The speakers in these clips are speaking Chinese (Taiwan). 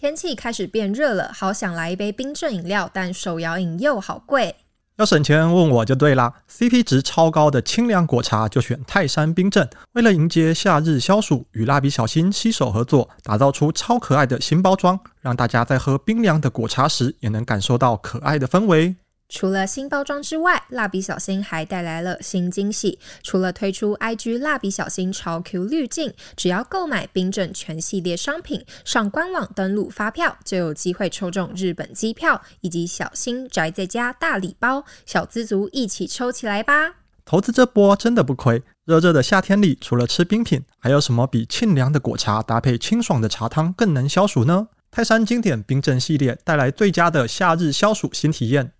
天氣開始變熱了，好想來一杯冰鎮飲料，但手搖飲又好貴。要省錢，問我就對啦。CP 值超高的清涼果茶就選泰山冰鎮。為了迎接夏日消暑，與蠟筆小新攜手合作，打造出超可愛的新包裝，讓大家在喝冰涼的果茶時，也能感受到可愛的氛圍。除了新包裝之外，蠟筆小新還帶來了新驚喜。除了推出 IG 蠟筆小新超 Q 濾鏡，只要購買冰鎮全系列商品，上官網登錄發票就有機會抽中日本機票以及小新宅在家大禮包。小資族一起抽起來吧！投資這波真的不虧。熱熱的夏天裡，除了吃冰品，還有什麼比沁涼的果茶搭配清爽的茶湯更能消暑呢？泰山經典冰鎮系列帶來最佳的夏日消暑新體驗。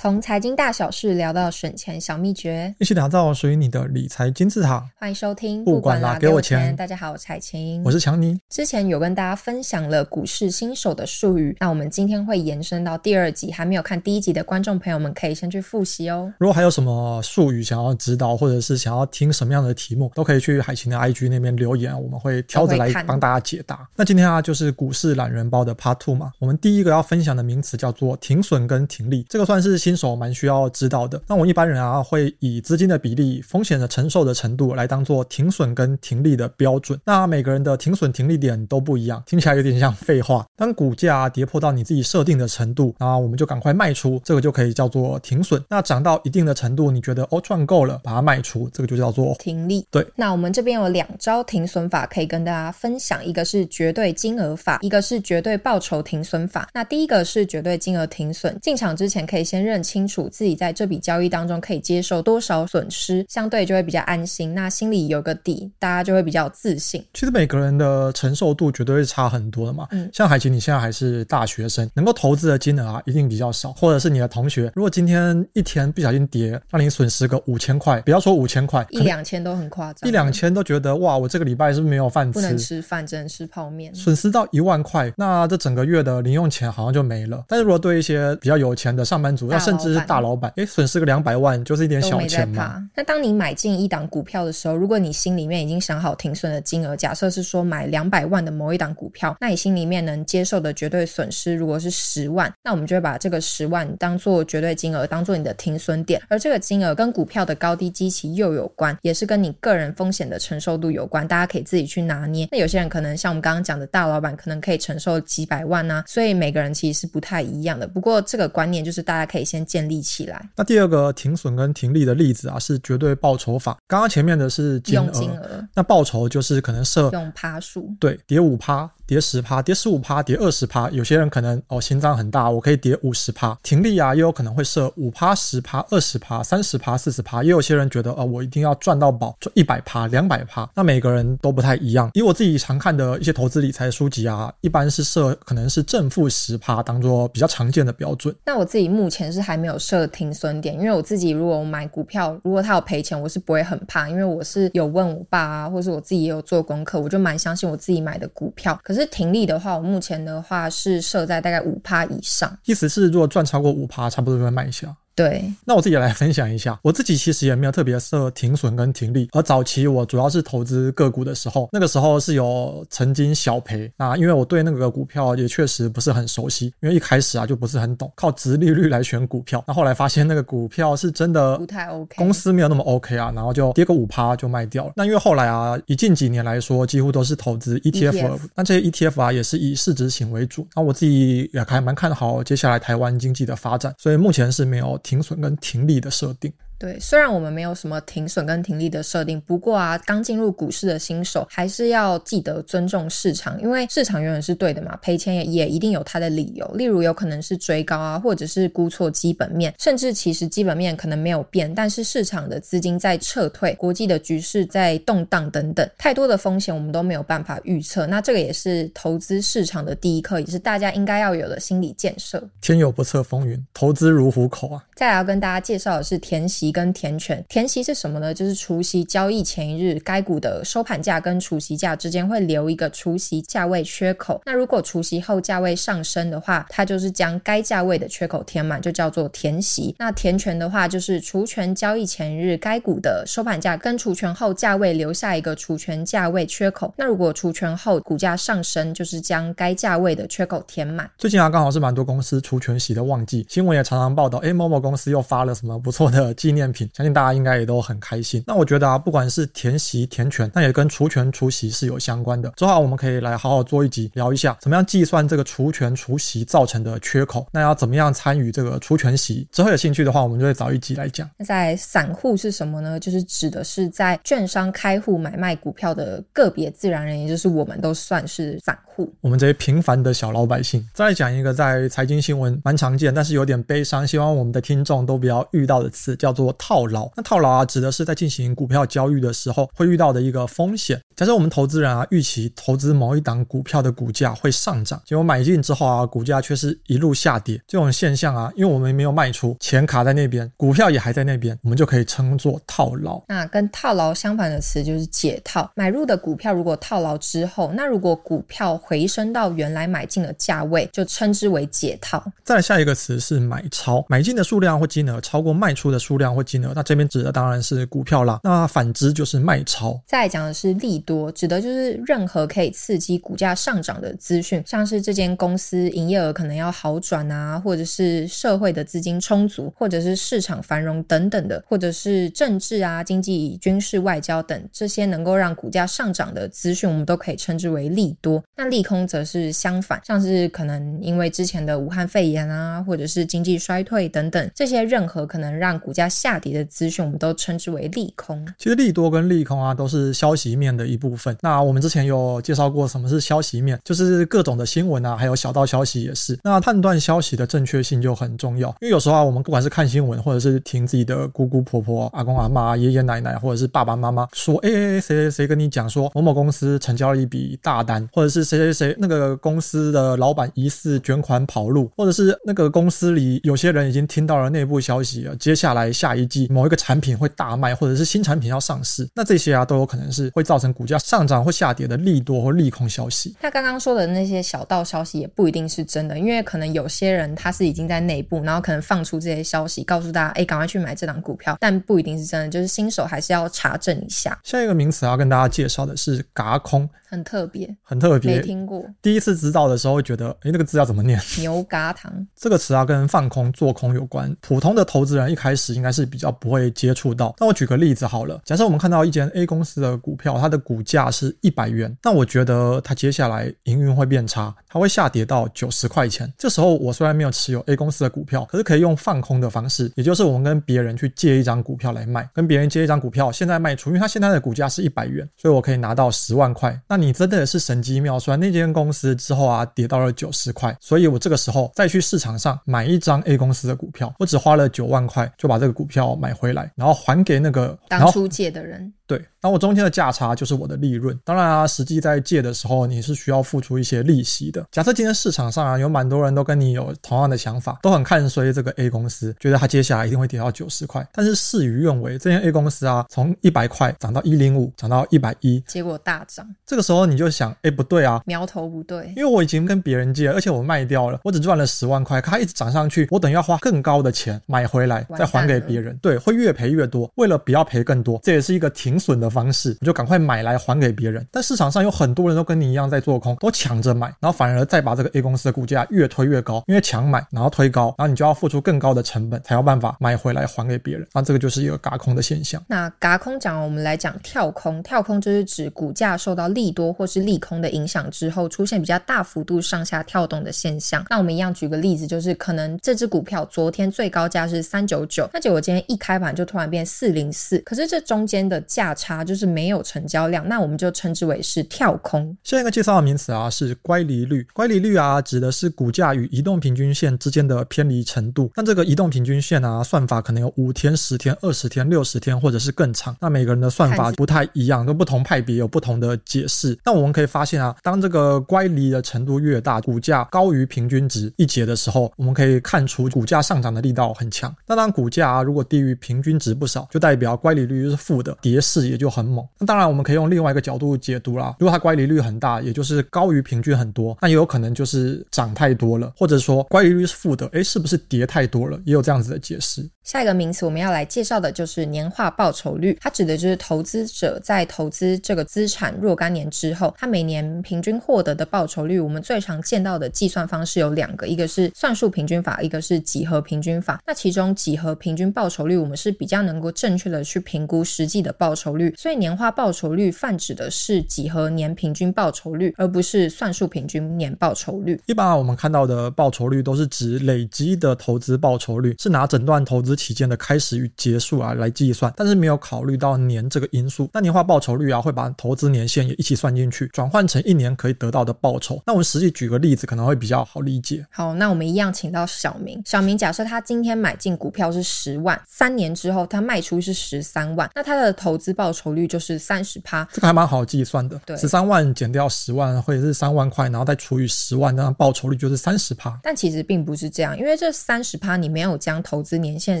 從財經大小事聊到省錢小秘訣，一起打造屬於你的理財金字塔。歡迎收聽，不管啦，給我錢。給我錢。大家好，我是海晴，我是強尼。之前有跟大家分享了股市新手的術語，那我們今天會延伸到第二集。還沒有看第一集的觀眾朋友們，可以先去複習哦。如果還有什麼術語想要指導，或者是想要聽什麼樣的題目，都可以去海晴的 IG 那邊留言，我們會挑着來幫大家解答。那今天啊，就是股市懶人包的 Part Two 嘛。我們第一個要分享的名詞叫做停損跟停利，這個算是。新手蠻需要知道的。那我一般人啊，會以資金的比例、風險的承受的程度來當做停損跟停利的標準。那每個人的停損停利點都不一樣，聽起來有點像廢話。當股價跌破到你自己設定的程度，那我們就趕快賣出，這個就可以叫做停損。那漲到一定的程度，你覺得哦賺夠了，把它賣出，這個就叫做停利。對。那我們這邊有兩招停損法可以跟大家分享，一個是絕對金額法，一個是絕對報酬停損法。那第一個是絕對金額停損，進場之前可以先認識。很清楚自己在這筆交易當中可以接受多少損失，相對就會比較安心。那心裡有個底，大家就會比較自信。其實每個人的承受度絕對會差很多的嘛。嗯，像海晴，你現在還是大學生，能夠投資的金額啊，一定比較少。或者是你的同學，如果今天一天不小心跌，讓你損失個五千塊，不要說五千塊，一兩千都很誇張，一兩千都覺得哇，我這個禮拜是不是沒有飯吃？不能吃飯，只能吃泡麵。損失到一萬塊，那這整個月的零用錢好像就沒了。但是如果對一些比較有錢的上班族，要。甚至是大老闆,老板，哎，損失個兩百萬就是一點小錢嘛。那當你買進一檔股票的時候，如果你心裡面已經想好停損的金額，假設是說買兩百萬的某一檔股票，那你心裡面能接受的絕對損失如果是十萬，那我們就會把這個十萬當做絕對金額，當做你的停損點。而這個金額跟股票的高低基期又有關，也是跟你個人風險的承受度有關。大家可以自己去拿捏。那有些人可能像我們剛剛講的大老板，可能可以承受幾百萬啊。所以每個人其實是不太一樣的。不過這個觀念就是大家可以先。建立起來。那第二個停損跟停利的例子啊，是絕對報酬法。剛剛前面的是金額，用金額，那報酬就是可能設用趴數，對，跌五趴。跌十趴，跌十五趴，跌二十趴，有些人可能哦，心臟很大，我可以跌五十趴。停利啊，也有可能會設五趴、十趴、二十趴、三十趴、四十趴。也有些人覺得啊、呃，我一定要賺到寶就，就一百趴、兩百趴。那每個人都不太一樣。以我自己常看的一些投資理財書籍啊，一般是設可能是正負十趴當做比較常見的標準。那我自己目前是還沒有設停損點，因為我自己如果我買股票，如果他有賠錢，我是不會很怕，因為我是有問我爸啊，或是我自己也有做功課，我就蠻相信我自己買的股票。可是。這停利的話，我目前的話是設在大概五趴以上。意思是，如果賺超過五趴，差不多就會賣一下。對，那我自己也來分享一下，我自己其實也沒有特別設停損跟停利。而早期我主要是投資個股的時候，那個時候是有曾經小賠啊，因為我對那個股票也確實不是很熟悉，因為一開始啊就不是很懂，靠殖利率來選股票。那後來發現那個股票是真的不太 OK，公司沒有那麼 OK 啊，OK 然後就跌個五趴就賣掉了。那因為後來啊，以近幾年來說，幾乎都是投資 ETF, ETF，那這些 ETF 啊也是以市值型為主。那我自己也還蠻看好接下來台灣經濟的發展，所以目前是沒有。停損跟停利的設定。對，雖然我們沒有什麼停損跟停利的設定，不過啊，剛進入股市的新手還是要記得尊重市場，因為市場永遠是對的嘛，賠錢也也一定有它的理由，例如有可能是追高啊，或者是估錯基本面，甚至其實基本面可能沒有變，但是市場的資金在撤退，國際的局勢在動盪等等，太多的風險我們都沒有辦法預測，那這個也是投資市場的第一課，也是大家應該要有的心理建設。天有不測風雲，投資如虎口啊！再來要跟大家介紹的是填息。跟填權填息是什麼呢？就是除息交易前一日該股的收盤價跟除息價之間會留一個除息價位缺口。那如果除息後價位上升的話，它就是將該價位的缺口填滿，就叫做填息。那填權的話，就是除權交易前一日該股的收盤價跟除權後價位留下一個除權價位缺口。那如果除權後股價上升，就是將該價位的缺口填滿。最近啊，剛好是蠻多公司除權息的旺季，新聞也常常報道，誒、欸，某某公司又發了什麼不錯的績。產品，相信大家應該也都很開心。那我覺得啊，不管是填息填權，那也跟除權除息是有相關的。之後、啊、我們可以來好好做一集，聊一下怎麼樣計算這個除權除息造成的缺口。那要怎麼樣參與這個除權息？之後有興趣的話，我們就會找一集來講。在散戶是什麼呢？就是指的是在券商開戶買賣股票的個別自然人，也就是我們都算是散戶。我們這些平凡的小老百姓。再講一個在財經新聞蠻常見，但是有點悲傷，希望我們的聽眾都不要遇到的詞，叫做。套牢，那套牢啊，指的是在進行股票交易的時候會遇到的一個風險。假設我們投資人啊，預期投資某一檔股票的股價會上漲，結果買進之後啊，股價卻是一路下跌，這種現象啊，因為我們沒有賣出，錢卡在那邊，股票也還在那邊，我們就可以稱作套牢。那跟套牢相反的詞就是解套。買入的股票如果套牢之後，那如果股票回升到原來買進的價位，就稱之為解套。再來下一個詞是買超，買進的數量或金額超過賣出的數量。金額，那這邊指的當然是股票啦。那反之就是賣超。再來講的是利多，指的就是任何可以刺激股價上漲的資訊，像是這間公司營業額可能要好轉啊，或者是社會的資金充足，或者是市場繁榮等等的，或者是政治啊、經濟、軍事、外交等這些能夠讓股價上漲的資訊，我們都可以稱之為利多。那利空則是相反，像是可能因為之前的武漢肺炎啊，或者是經濟衰退等等，這些任何可能讓股價下。下跌的資訊我們都稱之為利空。其實利多跟利空啊都是消息面的一部分。那我們之前有介紹過什麼是消息面，就是各種的新聞啊，還有小道消息也是。那判斷消息的正確性就很重要，因為有時候啊，我們不管是看新聞，或者是聽自己的姑姑婆婆、阿公阿嬤、爺爺奶奶，或者是爸爸媽媽說，哎哎哎，誰誰誰跟你講說某某公司成交了一筆大單，或者是誰誰誰那個公司的老闆疑似捲款跑路，或者是那個公司裡有些人已經聽到了內部消息了，接下來下。預計某一個產品會大賣，或者是新產品要上市，那這些啊都有可能是會造成股價上漲或下跌的利多或利空消息。他剛剛說的那些小道消息也不一定是真的，因為可能有些人他是已經在內部，然後可能放出這些消息告訴大家，哎，趕快去買這檔股票，但不一定是真的，就是新手還是要查證一下。下一個名詞要跟大家介紹的是“軋空”。很特別，很特別，沒聽過。第一次知道的時候會覺得，哎、欸，那個字要怎麼念？牛軋糖 這個詞啊，跟放空、做空有關。普通的投資人一開始應該是比較不會接觸到。那我舉個例子好了，假設我們看到一間 A 公司的股票，它的股價是一百元，那我覺得它接下來營運會變差，它會下跌到九十塊錢。這時候我雖然沒有持有 A 公司的股票，可是可以用放空的方式，也就是我們跟別人去借一張股票來賣，跟別人借一張股票，現在賣出，因為它現在的股價是一百元，所以我可以拿到十萬塊。那你真的是神機妙算，那間公司之後啊跌到了九十塊，所以我這個時候再去市場上買一張 A 公司的股票，我只花了九萬塊就把這個股票買回來，然後還給那個當初借的人。對，那我中間的價差就是我的利潤。當然啊，實際在借的時候，你是需要付出一些利息的。假設今天市場上啊，有蠻多人都跟你有同樣的想法，都很看衰這個 A 公司，覺得它接下來一定會跌到九十塊。但是事與願違，這間 A 公司啊，從一百塊漲到一零五，漲到一百一，結果大漲。這個時候你就想，哎，不對啊，苗頭不對。因為我已經跟別人借，而且我賣掉了，我只賺了十萬塊。可它一直漲上去，我等於要花更高的錢買回來，再還給別人。對，會越賠越多。為了不要賠更多，這也是一個停。損的方式，你就趕快買來還給別人。但市場上有很多人都跟你一樣在做空，都搶着買，然後反而再把這個 A 公司的股價越推越高，因為搶買然後推高，然後你就要付出更高的成本才有辦法買回來還給別人。那這個就是一個軋空的現象。那軋空講，我們來講跳空。跳空就是指股價受到利多或是利空的影響之後，出現比較大幅度上下跳動的現象。那我們一樣舉個例子，就是可能這隻股票昨天最高價是三九九，那結果我今天一開盤就突然變四零四，可是這中間的價。差就是沒有成交量，那我們就稱之為是跳空。下一個介紹的名詞啊是乖離率，乖離率啊指的是股價與移動平均線之間的偏離程度。那這個移動平均線啊，算法可能有五天、十天、二十天、六十天，或者是更長。那每個人的算法不太一樣，都是不同派別有不同的解釋。那我們可以發現啊，當這個乖離的程度越大，股價高於平均值一截的時候，我們可以看出股價上漲的力道很強。那當股價啊如果低於平均值不少，就代表乖離率是負的，跌勢，也就很猛。那當然，我們可以用另外一個角度解讀啦。如果它乖離率很大，也就是高於平均很多，那也有可能就是漲太多了，或者說乖離率是負的，哎，是不是跌太多了？也有這樣子的解釋。下一個名詞我們要來介紹的就是年化報酬率，它指的就是投資者在投資這個資產若干年之後，他每年平均獲得的報酬率。我們最常見到的計算方式有兩個，一個是算術平均法，一個是幾何平均法。那其中幾何平均報酬率，我們是比較能夠正確的去評估實際的報酬。率，所以年化報酬率泛指的是幾何年平均報酬率，而不是算術平均年報酬率。一般我們看到的報酬率都是指累積的投資報酬率，是拿整段投資期間的開始與結束啊來計算，但是沒有考慮到年這個因素。那年化報酬率啊，會把投資年限也一起算進去，轉換成一年可以得到的報酬。那我們實際舉個例子，可能會比較好理解。好，那我們一樣請到小明。小明假設他今天買進股票是十萬，三年之後他賣出是十三萬，那他的投資。資報酬率就是三十趴，這個還蠻好計算的，對，十三萬減掉十萬或者是三萬塊，然後再除以十萬，那報酬率就是三十趴。但其實並不是這樣，因為這三十趴你沒有將投資年限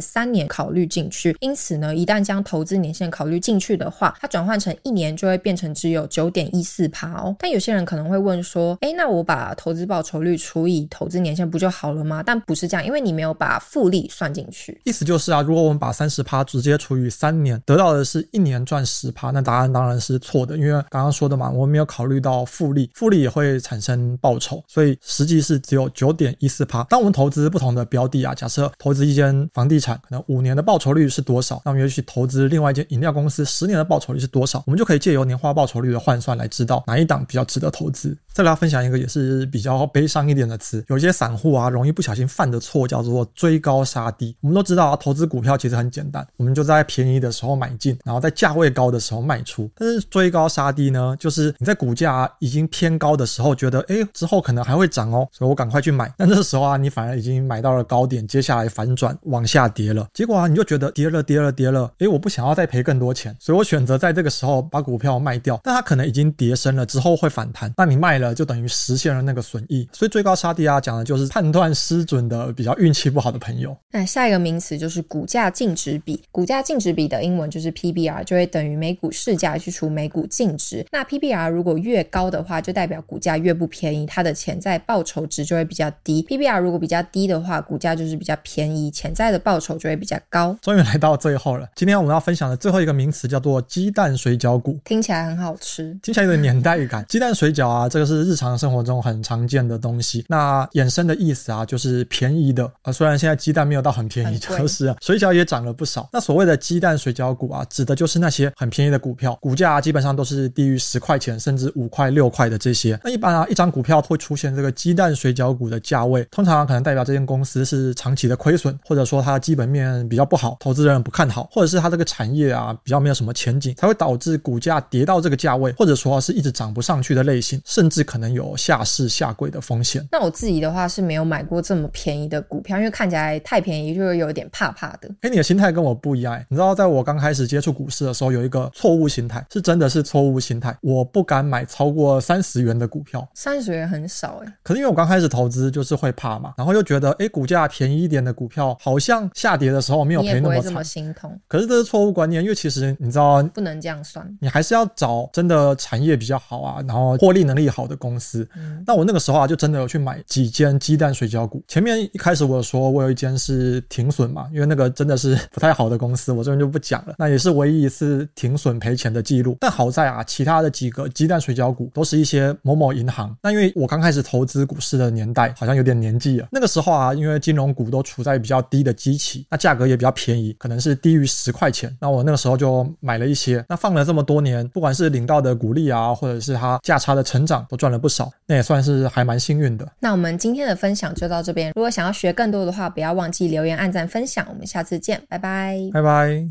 三年考慮進去，因此呢，一旦將投資年限考慮進去的話，它轉換成一年就會變成只有九點一四趴哦。但有些人可能會問說，誒、欸，那我把投資報酬率除以投資年限不就好了嗎？但不是這樣，因為你沒有把複利算進去。意思就是啊，如果我們把三十趴直接除以三年，得到的是一年。賺十趴，那答案當然是錯的，因為剛剛說的嘛，我們沒有考慮到複利，複利也會產生報酬，所以實際是只有九點一四趴。當我們投資不同的標的啊，假設投資一間房地產，可能五年的報酬率是多少？那我們也許投資另外一間飲料公司，十年的報酬率是多少？我們就可以借由年化報酬率的換算來知道哪一檔比較值得投資。再來分享一個也是比較悲傷一點的詞，有一些散戶啊，容易不小心犯的錯叫做追高殺低。我們都知道啊，投資股票其實很簡單，我們就在便宜的時候買進，然後在價。價位高的時候賣出，但是追高殺低呢？就是你在股價、啊、已經偏高的時候，覺得哎之後可能還會漲哦，所以我趕快去買。但這時候啊，你反而已經買到了高點，接下來反轉往下跌了。結果啊，你就覺得跌了跌了跌了，哎，我不想要再賠更多錢，所以我選擇在這個時候把股票賣掉。但它可能已經跌深了，之後會反彈。那你賣了就等於實現了那個損益。所以追高殺低啊，講的就是判斷失準的比較運氣不好的朋友。那、哎、下一個名詞就是股價淨值比，股價淨值比的英文就是 PBR，就會等於每股市價去除每股淨值，那 PBR 如果越高的話，就代表股價越不便宜，它的潛在報酬值就會比較低。PBR 如果比較低的話，股價就是比較便宜，潛在的報酬就會比較高。終於來到最後了，今天我們要分享的最後一個名詞叫做雞蛋水餃股，聽起來很好吃，聽起來有點年代感。 雞蛋水餃啊，這個是日常生活中很常見的東西。那衍生的意思啊，就是便宜的啊。雖然現在雞蛋沒有到很便宜，確貴是啊，水餃也漲了不少。那所謂的雞蛋水餃股啊，指的就是那。那些很便宜的股票，股價基本上都是低於十塊錢，甚至五塊六塊的這些。那一般啊，一張股票會出現這個雞蛋水餃股的價位，通常可能代表這間公司是長期的虧損，或者說它基本面比較不好，投資人不看好，或者是它這個產業啊比較沒有什麼前景，才會導致股價跌到這個價位，或者說是一直漲不上去的類型，甚至可能有下市下櫃的風險。那我自己的話是沒有買過這麼便宜的股票，因為看起來太便宜，就有點怕怕的。哎、欸，你的心態跟我不一樣、欸，你知道在我剛開始接觸股市的時候，時候有一個錯誤心態，是真的是錯誤心態。我不敢買超過三十元的股票，三十元很少欸。可是因為我剛開始投資就是會怕嘛，然後又覺得，欸，股價便宜一點的股票好像下跌的時候沒有賠那麼慘，不會這麼心痛。可是這是錯誤觀念，因為其實你知道不能這樣算，你還是要找真的產業比較好啊，然後獲利能力好的公司。嗯，那我那個時候啊，就真的有去買幾間雞蛋水餃股。前面一開始我說我有一間是停損嘛，因為那個真的是不太好的公司，我這邊就不講了。那也是唯一一次，是停損賠錢的記錄，但好在啊，其他的幾個雞蛋水餃股都是一些某某銀行。那因為我剛開始投資股市的年代好像有點年紀了，那個時候啊，因為金融股都處在比較低的基期，那價格也比較便宜，可能是低於十塊錢。那我那個時候就買了一些，那放了這麼多年，不管是領到的股利啊，或者是它價差的成長，都賺了不少，那也算是還蠻幸運的。那我們今天的分享就到這邊，如果想要學更多的話，不要忘記留言、按讚、分享。我們下次見，拜拜，拜拜。